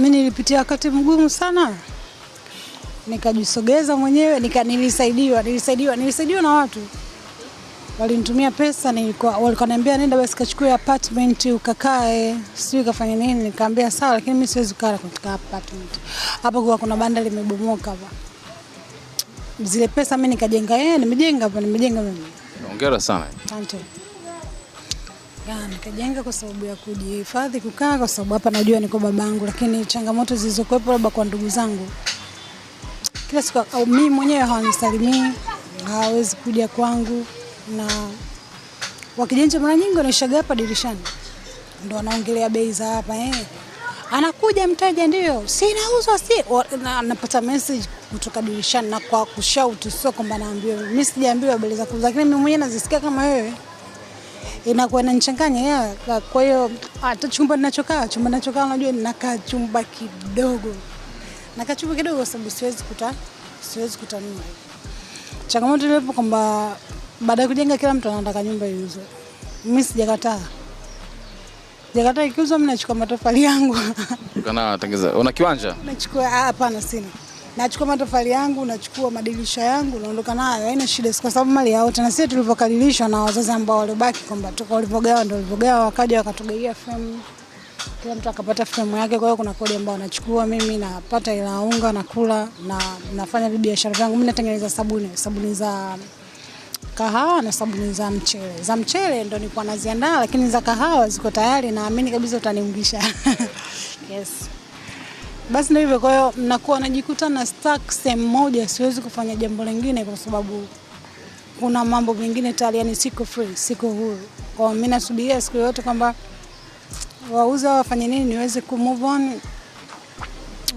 Mimi nilipitia wakati mgumu sana, nikajisogeza mwenyewe nika, nilisaidiwa nilisaidiwa nilisaidiwa na watu walinitumia pesa, nilikuwa walikuwa naniambia nenda basi kachukue apartment ukakae, sijui kafanya nini. Nikaambia sawa, lakini mimi siwezi kukaa katika apartment hapo, kwa kuna banda limebomoka hapa. Zile pesa mimi nikajenga, yeye nimejenga hapo, nimejenga mimi. Hongera sana. Asante. Ah, nikajenga kwa sababu ya kujihifadhi kukaa, kwa sababu hapa najua niko babangu, lakini changamoto zilizokuwepo labda kwa ndugu zangu kila siku au mimi mwenyewe hawanisalimii, hawawezi kuja kwangu, na wakijenja mara nyingi wanaishaga hapa dirishani, ndo wanaongelea bei za hapa eh. Anakuja mteja ndio, si nauzwa si anapata message kutoka dirishani na kwa kushout, sio kwamba naambiwa mimi, sijaambiwa bei za kuuza, lakini mimi mwenyewe nazisikia kama wewe inakuwa inanichanganya yeah. Kwa hiyo ah, hata chumba ninachokaa chumba ninachokaa unajua, ninakaa chumba kidogo, nakaa chumba kidogo kwa sababu siwezi kuta siwezi kutanua. Changamoto ilipo kwamba baada ya kujenga kila mtu anataka nyumba iuzwe. Mimi sijakataa sijakataa, ikiuzwa mimi nachukua matofali yangu. Una kiwanja? Nachukua. Ah, hapana, sina nachukua matofali yangu, nachukua madirisha yangu, naondoka nayo, haina shida, kwa sababu mali yao tena. Sisi tulivyokalilishwa na wazazi ambao walibaki, kwamba toka walivyogawa ndio walivyogawa, wakaja wakatugaia fremu, kila mtu akapata fremu yake. Kwa hiyo kuna kodi ambayo nachukua mimi napata ila unga na kula na nafanya biashara zangu. Mimi natengeneza sabuni, sabuni za kahawa na sabuni za mchele. Za mchele ndo nilikuwa naziandaa, lakini za kahawa ziko tayari, naamini kabisa utaniungisha. Yes basi ndio hivyo. Kwa hiyo nakuwa najikuta na stuck sehemu moja, siwezi kufanya jambo lingine kwa sababu kuna mambo mengine tayari, yani siko free, siko huru. Kwa mimi nasubiria siku yote kwamba wauza wafanye nini niweze ku move on.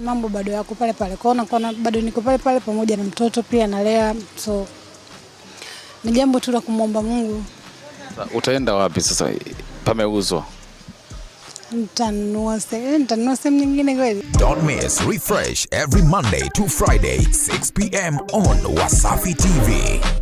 Mambo bado yako pale pale, kwa hiyo bado niko pale pale, pamoja na mtoto pia nalea, so ni jambo tu la kumwomba Mungu. Utaenda wapi sasa? Pameuzwa. Nitanunua eh, sehemu nyingine kweli. Don't miss Refresh every Monday to Friday 6 pm on Wasafi TV.